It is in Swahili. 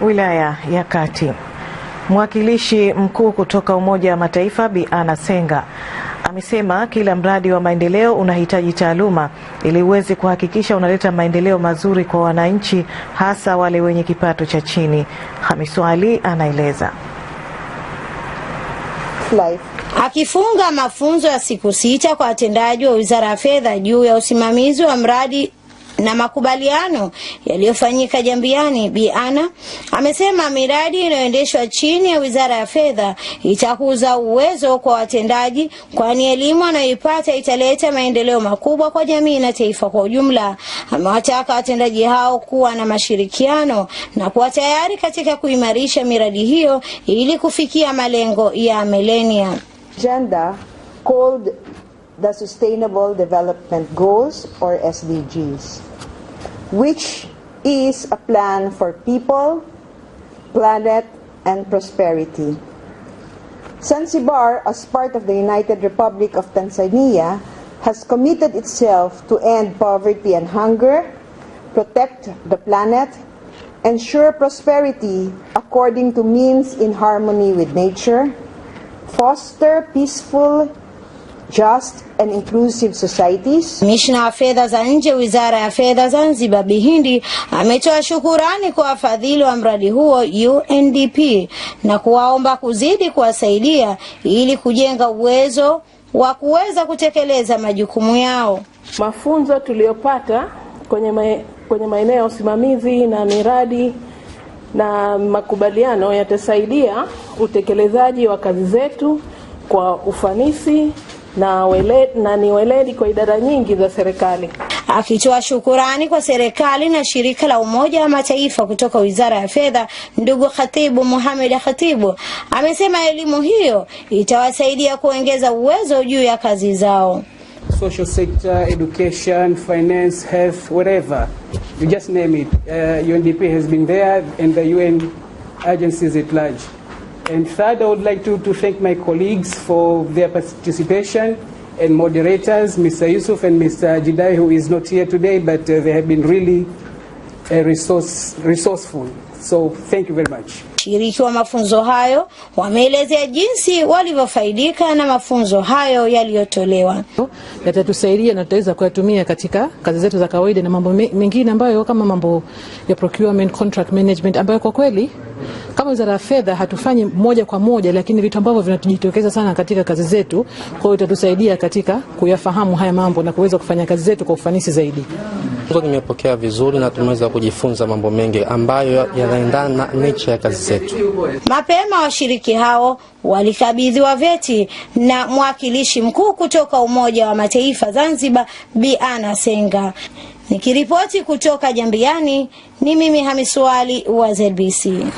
wilaya ya Kati. Mwakilishi mkuu kutoka Umoja wa Mataifa Bi Senga amesema kila mradi wa maendeleo unahitaji taaluma ili uweze kuhakikisha unaleta maendeleo mazuri kwa wananchi, hasa wale wenye kipato cha chini. Hamisu Ali anaeleza. Akifunga mafunzo ya siku sita kwa watendaji wa Wizara ya Fedha juu ya usimamizi wa mradi na makubaliano yaliyofanyika Jambiani, Bi Ana amesema miradi inayoendeshwa chini ya Wizara ya Fedha itakuza uwezo kwa watendaji, kwani elimu anayoipata italeta maendeleo makubwa kwa jamii na taifa kwa ujumla. Amewataka watendaji hao kuwa na mashirikiano na kuwa tayari katika kuimarisha miradi hiyo ili kufikia malengo ya milenia. called the Sustainable Development Goals, or SDGs, which is a plan for people, planet, and prosperity. Zanzibar, as part of the United Republic of Tanzania, has committed itself to end poverty and hunger, protect the planet, ensure prosperity according to means in harmony with nature, foster peaceful just and inclusive societies. Kamishna wa fedha za nje Wizara ya Fedha Zanzibar Bihindi ametoa shukurani kwa wafadhili wa mradi huo UNDP na kuwaomba kuzidi kuwasaidia ili kujenga uwezo wa kuweza kutekeleza majukumu yao. Mafunzo tuliyopata kwenye, ma kwenye maeneo ya usimamizi na miradi na makubaliano yatasaidia utekelezaji wa kazi zetu kwa ufanisi na, wele, na ni weledi kwa idara nyingi za serikali. Akitoa shukurani kwa serikali na shirika la Umoja wa Mataifa kutoka Wizara ya Fedha, ndugu Khatibu Mohamed Khatibu amesema elimu hiyo itawasaidia kuongeza uwezo juu ya kazi zao. Social sector, education, finance, health, whatever. You just name it. Uh, UNDP has been there and the UN agencies at large. And third, I would like to, to thank my colleagues for their participation and moderators, Mr. Yusuf and Mr. Jidai, who is not here today, but uh, they have been really uh, resource, resourceful. So thank you very much. Washiriki wa mafunzo hayo wameelezea jinsi walivyofaidika na mafunzo hayo yaliyotolewa. Yatatusaidia na tutaweza kuyatumia katika kazi zetu za kawaida na mambo mengine ambayo kama mambo ya procurement, contract management ambayo kwa kweli kama wizara ya fedha hatufanyi moja kwa moja, lakini vitu ambavyo vinatujitokeza sana katika kazi zetu. Kwa hiyo itatusaidia katika kuyafahamu haya mambo na kuweza kufanya kazi zetu kwa ufanisi zaidi. Nimepokea vizuri na tumeweza kujifunza mambo mengi ambayo yanaendana na nature ya kazi zetu zetu. Mapema washiriki hao walikabidhiwa vyeti na mwakilishi mkuu kutoka Umoja wa Mataifa Zanzibar, Bi Ana Senga. Nikiripoti kutoka Jambiani, ni mimi hamiswali wa ZBC.